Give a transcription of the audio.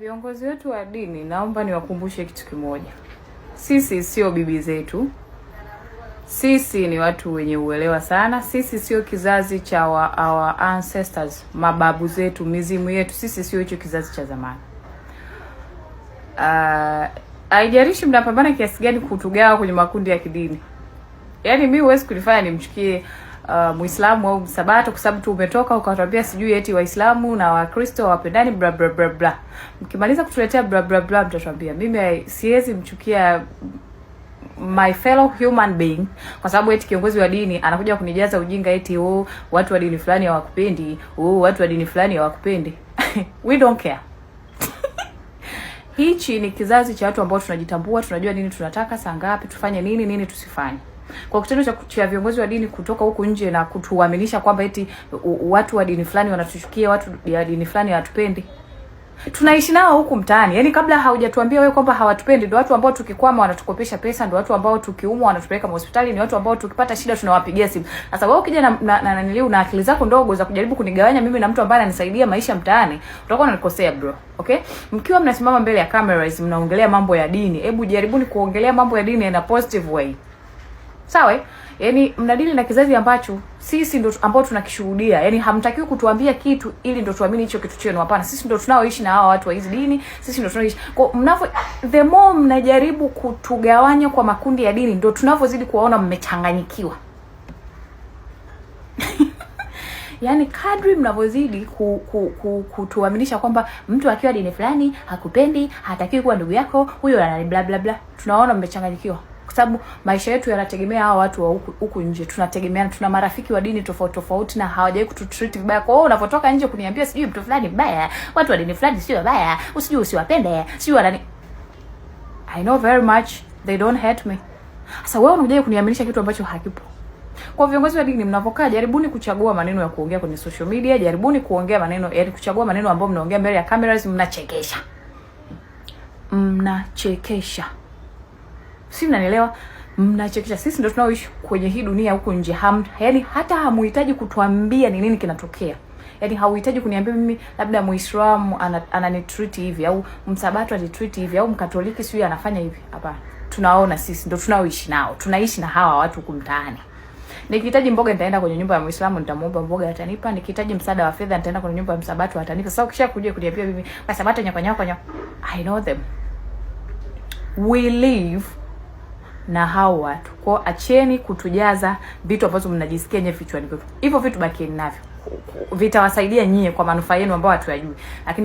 Viongozi wetu wa dini, naomba niwakumbushe kitu kimoja, sisi sio bibi zetu, sisi ni watu wenye uelewa sana. Sisi sio kizazi cha wa, our ancestors, mababu zetu, mizimu yetu, sisi sio hicho kizazi cha zamani. Ah, haijalishi uh, mnapambana kiasi gani kutugawa kwenye makundi ya kidini, yaani mi huwezi kunifanya nimchukie uh, Muislamu au Msabato kwa sababu tu umetoka ukatwambia sijui eti Waislamu na Wakristo wapendani bla bla bla bla. Mkimaliza kutuletea bla bla bla, mtatwambia mimi siwezi mchukia my fellow human being kwa sababu eti kiongozi wa dini anakuja kunijaza ujinga eti oh, watu wa dini fulani hawakupendi, oh, watu wa dini fulani hawakupendi. We don't care hichi ni kizazi cha watu ambao tunajitambua, tunajua nini tunataka, saa ngapi tufanye nini, nini tusifanye. Kwa kitendo cha kutia viongozi wa dini kutoka huku nje na kutuaminisha kwamba eti watu wa dini fulani wanatuchukia, watu wa dini fulani hawatupendi tunaishi nao huku mtaani. Yaani kabla haujatuambia wewe kwamba hawatupendi, ndio watu ambao tukikwama wanatukopesha pesa, ndio watu ambao tukiumwa wanatupeleka hospitali, ni watu ambao tukipata shida tunawapigia simu. Sasa wewe ukija na na, na, na, na akili zako ndogo za kujaribu kunigawanya mimi na mtu ambaye ananisaidia maisha mtaani, utakuwa unanikosea bro. Okay? Mkiwa mnasimama mbele ya cameras mnaongelea mambo ya dini, hebu jaribuni kuongelea mambo ya dini in a positive way sawa. Eh? Yani mnadili na kizazi ambacho sisi ndo ambao tunakishuhudia. Yani hamtakiwi kutuambia kitu ili ndo tuamini hicho kitu chenu, hapana. Sisi ndo tunaoishi na hawa watu wa hizi dini, sisi ndo tunaoishi kwa mnavo. The more mnajaribu kutugawanya kwa makundi ya dini, ndo tunavozidi kuwaona mmechanganyikiwa. Yaani kadri mnavyozidi ku, ku, ku, kutuaminisha kwamba mtu akiwa dini fulani hakupendi, hatakiwi kuwa ndugu yako, huyo ana bla bla bla, tunaona mmechanganyikiwa kwa sababu maisha yetu yanategemea hawa watu wa huku nje. Tunategemeana, tuna marafiki wa dini tofauti tofauti na hawajawahi kututreat vibaya. Kwa hiyo unapotoka nje kuniambia sijui mtu fulani mbaya, watu wa dini fulani sio mbaya, usijui usiwapende, sijui wanani, I know very much they don't hate me. Sasa wewe unakuja kuniaminisha kitu ambacho hakipo. Kwa viongozi wa dini mnapokaa, jaribuni kuchagua maneno ya kuongea kwenye social media, jaribuni kuongea maneno, yaani kuchagua maneno ambayo mnaongea mbele ya cameras, mnachekesha. Mnachekesha si mnanielewa? Mnachekesha. Sisi ndo tunaoishi kwenye hii dunia huko nje. Ham, yani hata hamuhitaji kutuambia ni nini kinatokea. Yaani hauhitaji kuniambia mimi labda Muislamu ananitreat ana hivi au Msabato anitreat hivi au Mkatoliki sio anafanya hivi. Hapa Tunaona sisi ndio tunaoishi nao. Tunaishi na hawa watu huko mtaani. Nikihitaji mboga nitaenda kwenye nyumba ya Muislamu nitamuomba mboga atanipa. Nikihitaji msaada wa fedha nitaenda kwenye nyumba ya Msabato atanipa. Sasa ukisha kuja kuniambia mimi Msabato nyakanyaka nyakanya. I know them. We live na hao watu. Kwao acheni kutujaza vitu ambavyo mnajisikia nyewe vichwani kwetu. Hivyo vitu bakieni navyo, vitawasaidia nyie kwa manufaa yenu ambayo hatuyajui, lakini